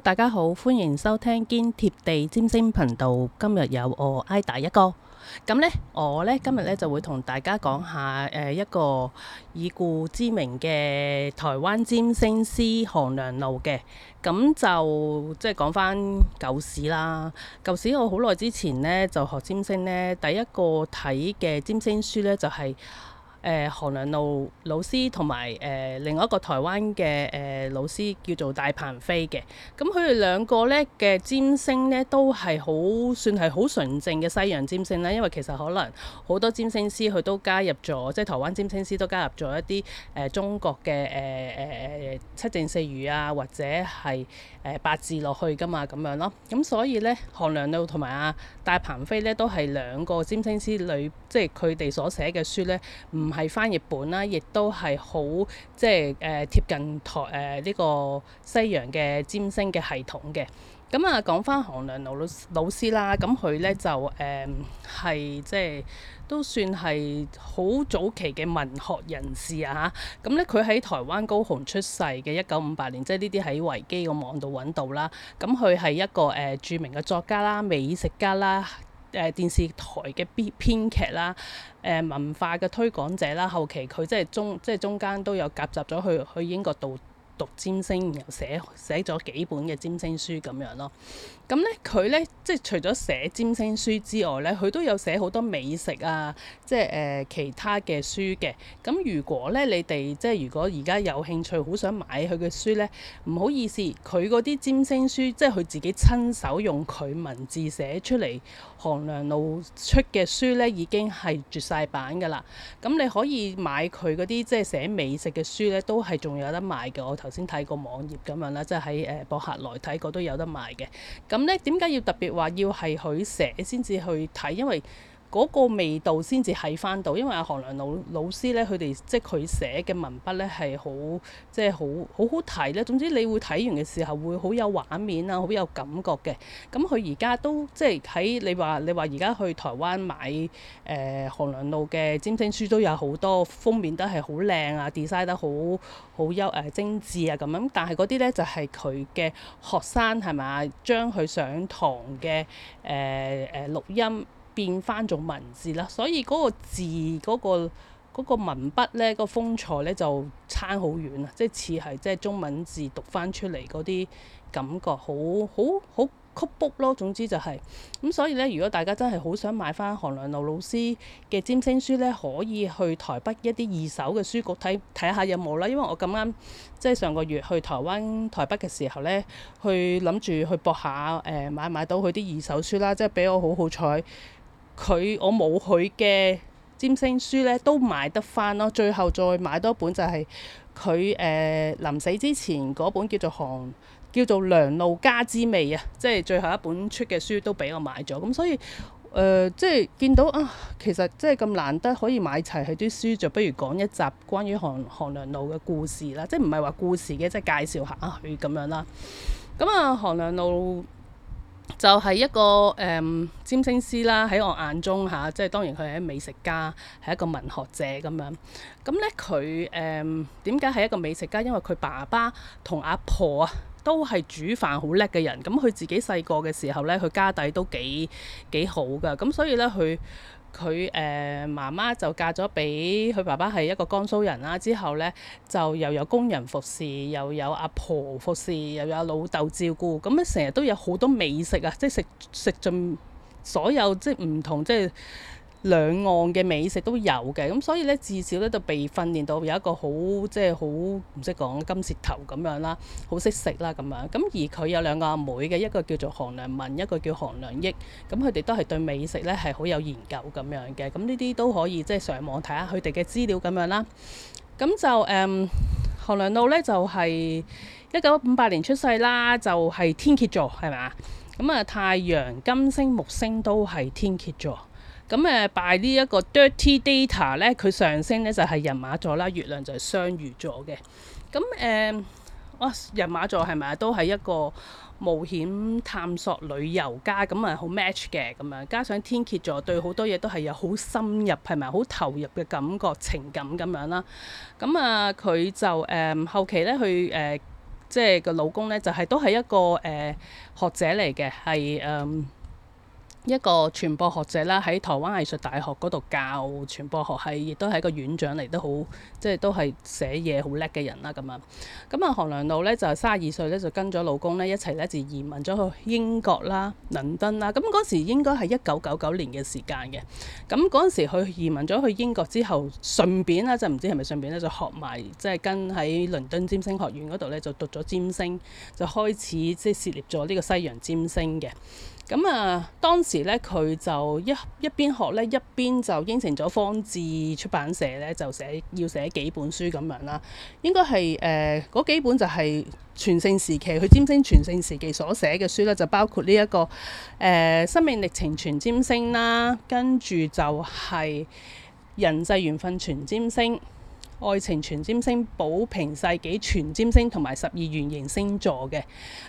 大家好，歡迎收聽堅貼地占星頻道。今日有我 Ida 一個，咁呢，我呢今日呢就會同大家講下誒、呃、一個已故知名嘅台灣占星師韓良露嘅，咁就即係講返舊史啦。舊史我好耐之前呢就學占星呢，第一個睇嘅占星書呢就係、是。誒韓良露老師同埋誒另外一個台灣嘅誒、呃、老師叫做戴鵬飛嘅，咁佢哋兩個咧嘅占星咧都係好算係好純正嘅西洋占星啦，因為其實可能好多占星師佢都加入咗，即係台灣占星師都加入咗一啲誒、呃、中國嘅誒誒誒七政四餘啊或者係誒、呃、八字落去㗎嘛咁樣咯，咁所以咧韓良露同埋阿戴鵬飛咧都係兩個占星師嚟，即係佢哋所寫嘅書咧唔係翻譯本啦，亦都係好即係誒、呃、貼近台誒呢、呃這個西洋嘅占星嘅系統嘅。咁、嗯、啊，講翻韓良露老老師啦，咁佢咧就誒係、呃、即係都算係好早期嘅文學人士啊嚇。咁、嗯、咧，佢喺台灣高雄出世嘅一九五八年，即係呢啲喺維基個網度揾到啦。咁佢係一個誒、呃、著名嘅作家啦、美食家啦。誒電視台嘅編編劇啦，誒、呃、文化嘅推廣者啦，後期佢即係中即係中間都有夾雜咗去去英國度讀讀占星，然後寫寫咗幾本嘅占星書咁樣咯。咁咧，佢咧即係除咗寫占星書之外咧，佢都有寫好多美食啊，即係誒、呃、其他嘅書嘅。咁如果咧，你哋即係如果而家有興趣，好想買佢嘅書咧，唔好意思，佢嗰啲占星書即係佢自己親手用佢文字寫出嚟，韓良露出嘅書咧已經係絕晒版㗎啦。咁你可以買佢嗰啲即係寫美食嘅書咧，都係仲有得賣嘅。我頭先睇過網頁咁樣啦，即係喺誒博客來睇過都有得賣嘅。咁咧，點解要特別話要係佢寫先至去睇？因為。嗰個味道先至喺翻到，因為阿韓良露老師呢，佢哋即係佢寫嘅文筆呢係好即係好好好睇呢。總之你會睇完嘅時候會好有畫面啊，好有感覺嘅。咁佢而家都即係喺你話你話而家去台灣買誒、呃、韓良露嘅占星書都有好多封面都係好靚啊，design 得好好優誒精緻啊咁樣。但係嗰啲呢，就係佢嘅學生係咪，將佢上堂嘅誒誒錄音。變翻種文字啦，所以嗰個字嗰個、嗰個嗰個文筆呢、嗰個風采呢，就差好遠啊！即係似係即係中文字讀翻出嚟嗰啲感覺，好好好曲卜咯。總之就係咁，所以呢，如果大家真係好想買翻韓良露老師嘅占星書呢，可以去台北一啲二手嘅書局睇睇下有冇啦。因為我咁啱即係上個月去台灣台北嘅時候呢，去諗住去博下誒買買到佢啲二手書啦，即係俾我好好彩。佢我冇佢嘅占星書呢都買得翻咯。最後再買多一本就係佢誒臨死之前嗰本叫做《韓》叫做《良露家之味》啊，即係最後一本出嘅書都俾我買咗。咁所以誒、呃，即係見到啊，其實即係咁難得可以買齊佢啲書，就不如講一集關於韓韓良露嘅故事啦。即係唔係話故事嘅，即係介紹下佢咁樣啦。咁啊，韓良露。就係一個誒，占星、嗯、師啦，喺我眼中嚇、啊，即係當然佢係一美食家，係一個文學者咁樣。咁呢，佢誒點解係一個美食家？因為佢爸爸同阿婆啊都係煮飯好叻嘅人。咁佢自己細個嘅時候呢，佢家底都幾幾好噶。咁所以呢，佢。佢誒、呃、媽媽就嫁咗俾佢爸爸，係一個江蘇人啦。之後呢，就又有工人服侍，又有阿婆服侍，又有老豆照顧。咁咧，成日都有好多美食啊！即係食食盡所有，即係唔同，即係。兩岸嘅美食都有嘅，咁所以呢，至少呢，就被訓練到有一個好即係好唔識講金舌頭咁樣啦，好識食啦咁樣。咁而佢有兩個阿妹嘅，一個叫做韓良文，一個叫韓良益。咁佢哋都係對美食呢係好有研究咁樣嘅。咁呢啲都可以即係上網睇下佢哋嘅資料咁樣啦。咁就誒韓、嗯、良露呢，就係一九五八年出世啦，就係、是、天蠍座係咪？咁啊太陽金星木星都係天蠍座。咁誒拜呢一個 dirty data 咧，佢上升咧就係人馬座啦，月亮就係雙魚座嘅。咁誒，哇人馬座係咪啊？都係一個冒險探索旅遊家，咁啊好 match 嘅咁樣。加上天蠍座對好多嘢都係有好深入係咪啊？好投入嘅感覺情感咁樣啦。咁啊佢就誒後期咧佢誒，即係個老公咧就係都係一個誒學者嚟嘅，係誒。一個傳播學者啦，喺台灣藝術大學嗰度教傳播學系，亦都係一個院長嚟，都好即係都係寫嘢好叻嘅人啦咁啊。咁啊，韓良露咧就係三十二歲咧就跟咗老公咧一齊咧就移民咗去英國啦、倫敦啦。咁嗰時應該係一九九九年嘅時間嘅。咁嗰陣時佢移民咗去英國之後，順便咧就唔知係咪順便咧就學埋即係跟喺倫敦占星學院嗰度咧就讀咗占星，就開始即係涉獵咗呢個西洋占星嘅。咁、嗯、啊，當時咧佢就一一邊學咧，一邊就應承咗方志出版社咧，就寫要寫幾本書咁樣啦。應該係誒嗰幾本就係全盛時期佢占星全盛時期所寫嘅書啦，就包括呢、這、一個誒、呃、生命歷程全占星啦，跟住就係人際緣分全占星、愛情全占星、寶瓶世紀全占星同埋十二圓形星座嘅。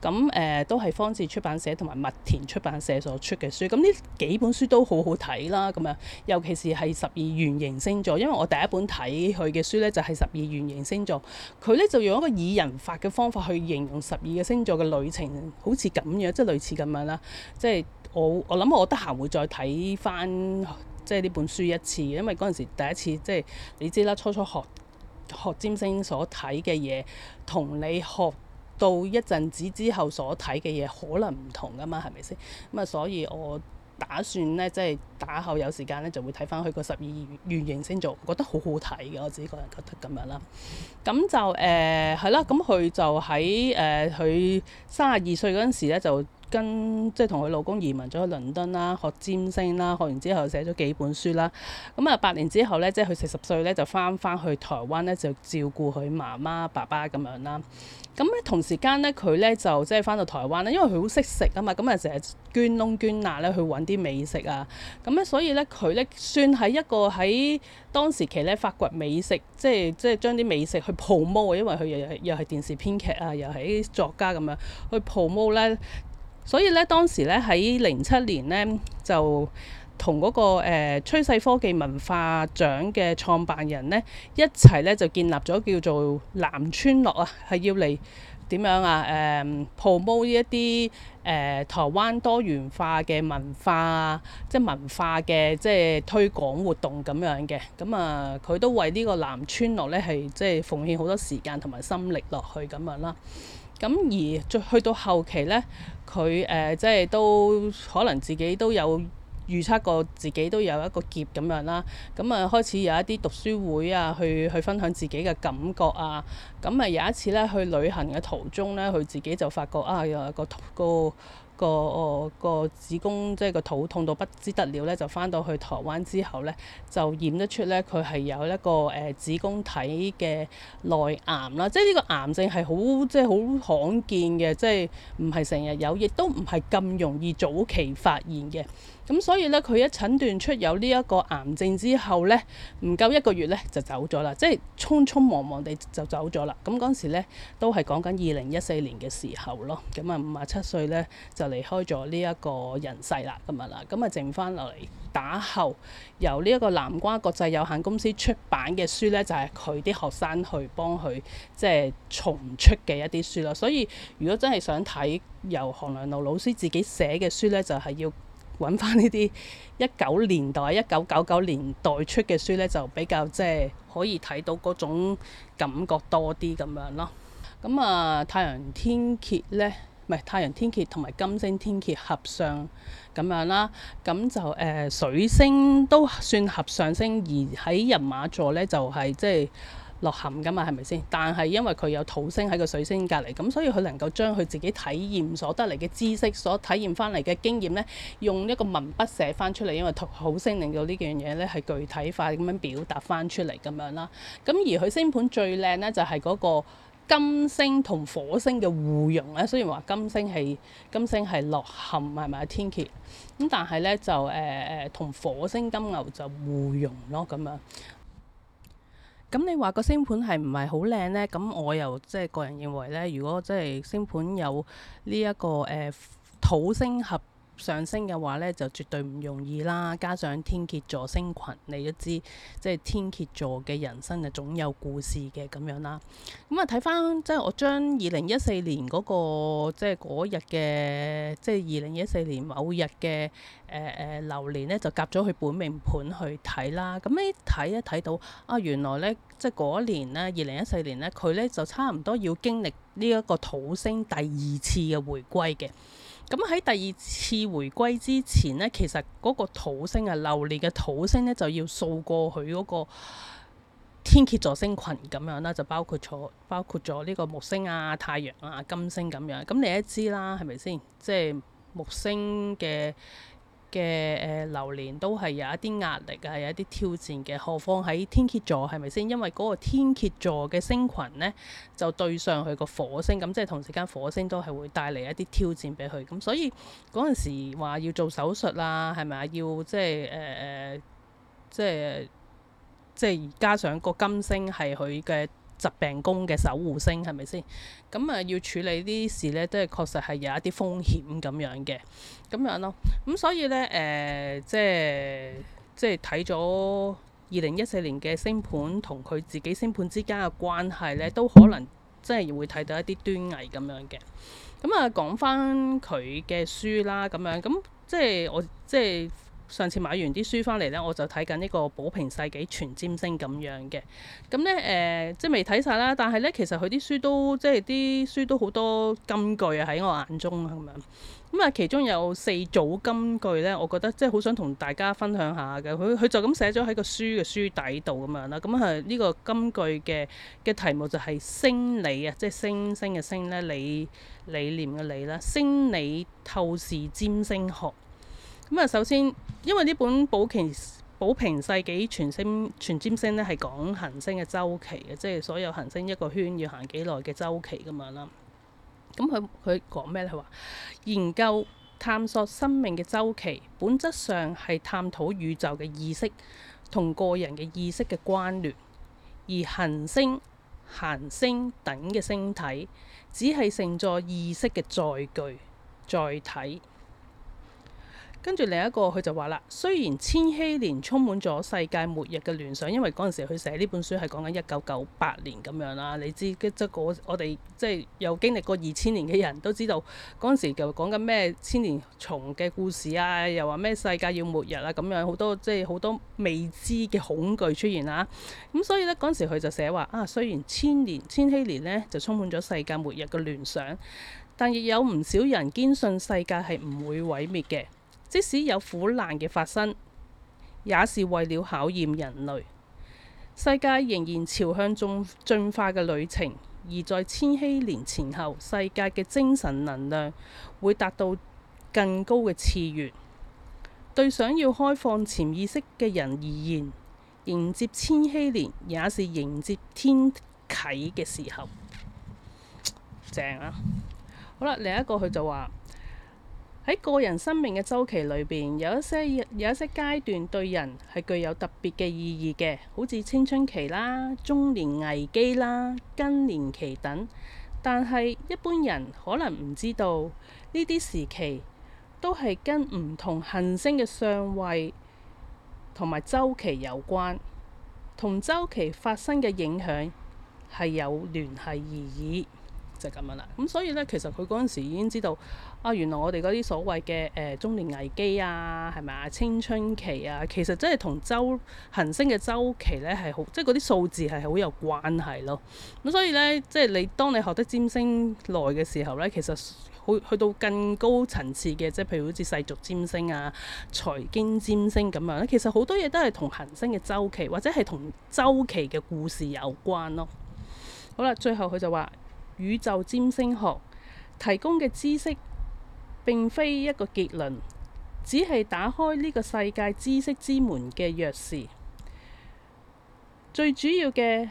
咁、嗯、誒、呃、都係方智出版社同埋麥田出版社所出嘅書，咁、嗯、呢幾本書都好好睇啦，咁、嗯、樣，尤其是係十二圓形星座，因為我第一本睇佢嘅書呢，就係、是、十二圓形星座，佢呢，就用一個擬人法嘅方法去形容十二嘅星座嘅旅程，好似咁樣，即係類似咁樣啦，即係我我諗我得閒會再睇翻。即係呢本書一次，因為嗰陣時第一次，即係你知啦，初初學學占星所睇嘅嘢，同你學到一陣子之後所睇嘅嘢可能唔同噶嘛，係咪先？咁啊，所以我打算呢，即係打後有時間呢，就會睇翻佢個十二原形星座，覺得好好睇嘅，我自己個人覺得咁樣啦。咁就誒係啦，咁佢就喺誒佢三十二歲嗰陣時咧就。呃跟即係同佢老公移民咗去倫敦啦，學占星啦，學完之後寫咗幾本書啦。咁啊，八年之後呢，即係佢四十歲呢，就翻翻去台灣呢，就照顧佢媽媽爸爸咁樣啦。咁咧同時間呢，佢呢，就即係翻到台灣呢，因為佢好識食啊嘛，咁啊，成日捐窿捐罅呢，去揾啲美食啊。咁咧所以呢，佢呢，算係一個喺當時期呢，發掘美食，即係即係將啲美食去 promote，因為佢又又又係電視編劇啊，又係啲作家咁樣去 promote 咧。所以咧，當時咧喺零七年呢，就同嗰、那個誒趨勢科技文化獎嘅創辦人呢，一齊咧，就建立咗叫做南村落啊，係要嚟點樣啊？誒、呃、promote 一啲誒、呃、台灣多元化嘅文化，即係文化嘅即係推廣活動咁樣嘅。咁啊，佢都為呢個南村落咧係即係奉獻好多時間同埋心力落去咁樣啦。咁而再去到後期呢，佢誒、呃、即係都可能自己都有預測過，自己都有一個劫咁樣啦。咁啊，開始有一啲讀書會啊，去去分享自己嘅感覺啊。咁、嗯、啊，有一次呢，去旅行嘅途中呢，佢自己就發覺啊，有個個。個個個子宮即係個肚痛到不知得了咧，就返到去台灣之後咧，就驗得出咧，佢係有一個誒、呃、子宮體嘅內癌啦。即係呢個癌症係好即係好罕見嘅，即係唔係成日有，亦都唔係咁容易早期發現嘅。咁所以咧，佢一診斷出有呢一個癌症之後咧，唔夠一個月咧就走咗啦，即係匆匆忙忙地就走咗啦。咁嗰時咧都係講緊二零一四年嘅時候咯。咁啊，五十七歲咧就離開咗呢一個人世啦。咁啊啦，咁啊剩翻落嚟打後，由呢一個南瓜國際有限公司出版嘅書咧，就係佢啲學生去幫佢即係重出嘅一啲書啦。所以如果真係想睇由韓良露老師自己寫嘅書咧，就係、是、要。揾翻呢啲一九年代、一九九九年代出嘅書呢，就比較即係、就是、可以睇到嗰種感覺多啲咁樣咯。咁啊，太陽天蠍呢，唔係太陽天蠍同埋金星天蠍合相咁樣啦。咁就誒、呃、水星都算合上星，而喺人馬座呢，就係、是、即係。落陷㗎嘛係咪先？但係因為佢有土星喺個水星隔離，咁所以佢能夠將佢自己體驗所得嚟嘅知識、所體驗翻嚟嘅經驗呢，用一個文筆寫翻出嚟。因為土星令到呢樣嘢呢係具體化咁樣表達翻出嚟咁樣啦。咁而佢星盤最靚呢，就係嗰個金星同火星嘅互融咧。雖然話金星係金星係落陷係咪天蠍，咁但係呢，就誒誒同火星金牛就互融咯咁樣。咁你話個星盤係唔係好靚咧？咁我又即係、就是、個人認為咧，如果即係星盤有呢、這、一個誒、呃、土星合上升嘅話呢，就絕對唔容易啦。加上天蠍座星群，你都知，即係天蠍座嘅人生啊，總有故事嘅咁樣啦。咁啊，睇翻即係我將二零一四年嗰個即係嗰日嘅，即係二零一四年某日嘅誒誒流年呢，就夾咗佢本命盤去睇啦。咁呢睇一睇到啊，原來呢，即係嗰年呢，二零一四年呢，佢呢，就差唔多要經歷呢一個土星第二次嘅回歸嘅。咁喺第二次回歸之前呢，其實嗰個土星啊，流年嘅土星呢就要掃過佢嗰個天蠍座星群咁樣啦，就包括坐包括咗呢個木星啊、太陽啊、金星咁樣。咁你都知啦，係咪先？即係木星嘅。嘅誒、呃、流年都係有一啲壓力啊，係有一啲挑戰嘅。何況喺天蠍座係咪先？因為嗰個天蠍座嘅星群咧，就對上佢個火星，咁即係同時間火星都係會帶嚟一啲挑戰俾佢。咁所以嗰陣時話要做手術啦，係咪啊？要即係誒誒，即係、呃、即係加上個金星係佢嘅。疾病宮嘅守護星係咪先咁啊？要處理啲事呢，都係確實係有一啲風險咁樣嘅咁樣咯。咁、嗯、所以呢，誒、呃，即係即係睇咗二零一四年嘅星盤同佢自己星盤之間嘅關係呢，都可能即係會睇到一啲端倪咁樣嘅。咁、嗯、啊，講翻佢嘅書啦，咁樣咁即係我即係。上次買完啲書翻嚟呢，我就睇緊呢個《寶瓶世紀全占星》咁樣嘅。咁呢，誒、呃，即係未睇晒啦。但係呢，其實佢啲書都即係啲書都好多金句啊！喺我眼中咁樣。咁啊，其中有四組金句呢，我覺得即係好想同大家分享下嘅。佢佢就咁寫咗喺個書嘅書底度咁樣啦。咁係呢個金句嘅嘅題目就係星理啊，即係星星嘅星呢，理理念嘅理啦，星理透視占星學。咁啊，首先，因為呢本保《寶奇寶瓶世紀全星全占星》咧，係講行星嘅周期嘅，即係所有行星一個圈要行幾耐嘅周期咁樣啦。咁佢佢講咩？佢話研究探索生命嘅周期，本質上係探討宇宙嘅意識同個人嘅意識嘅關聯。而行星、恆星等嘅星體，只係承載意識嘅載具載體。跟住另一個，佢就話啦，雖然千禧年充滿咗世界末日嘅聯想，因為嗰陣時佢寫呢本書係講緊一九九八年咁樣啦。你知即係我哋即係又經歷過二千年嘅人都知道嗰陣時就講緊咩千年蟲嘅故事啊，又話咩世界要末日啊咁樣，好多即係好多未知嘅恐懼出現啊。嗯」咁所以呢，嗰陣時佢就寫話啊，雖然千年千禧年呢就充滿咗世界末日嘅聯想，但亦有唔少人堅信世界係唔會毀滅嘅。即使有苦難嘅發生，也是為了考驗人類。世界仍然朝向中進化嘅旅程，而在千禧年前後，世界嘅精神能量會達到更高嘅次元。對想要開放潛意識嘅人而言，迎接千禧年，也是迎接天啟嘅時候。正啊，好啦，另一個佢就話。喺個人生命嘅周期裏邊，有一些有一些階段對人係具有特別嘅意義嘅，好似青春期啦、中年危機啦、更年期等。但係一般人可能唔知道，呢啲時期都係跟唔同行星嘅相位同埋周期有關，同周期發生嘅影響係有聯繫而已。就咁樣啦。咁、嗯、所以咧，其實佢嗰陣時已經知道啊，原來我哋嗰啲所謂嘅誒中年危機啊，係咪啊，青春期啊，其實真係同周行星嘅周期咧係好，即係嗰啲數字係好有關係咯。咁、嗯、所以咧，即係你當你學得占星耐嘅時候咧，其實去去到更高層次嘅，即係譬如好似世俗占星啊、財經占星咁樣咧，其實好多嘢都係同行星嘅周期或者係同周期嘅故事有關咯。好啦，最後佢就話。宇宙占星學提供嘅知識並非一個結論，只係打開呢個世界知識之門嘅鑰匙。最主要嘅，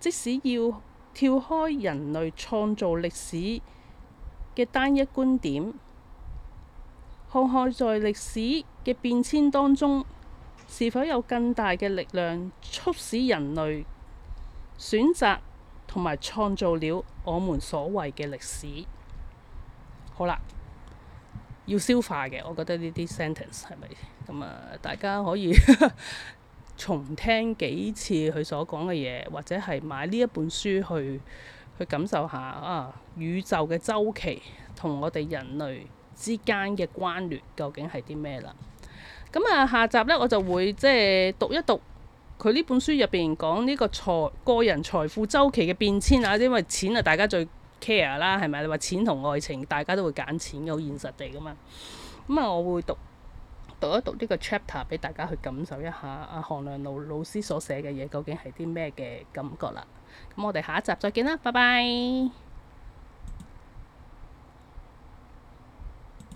即使要跳開人類創造歷史嘅單一觀點，看看在歷史嘅變遷當中，是否有更大嘅力量促使人類選擇。同埋創造了我們所謂嘅歷史。好啦，要消化嘅，我覺得呢啲 sentence 係咪？咁、嗯、啊，大家可以 重聽幾次佢所講嘅嘢，或者係買呢一本書去去感受下啊，宇宙嘅周期同我哋人類之間嘅關聯究竟係啲咩啦？咁、嗯、啊，下集呢，我就會即係讀一讀。佢呢本書入邊講呢個財個人財富周期嘅變遷啊，因為錢啊大家最 care 啦，係咪？你話錢同愛情，大家都會揀錢嘅好現實地噶嘛。咁啊，我會讀讀一讀呢個 chapter 俾大家去感受一下阿、啊、韓良露老師所寫嘅嘢究竟係啲咩嘅感覺啦。咁我哋下一集再見啦，拜拜。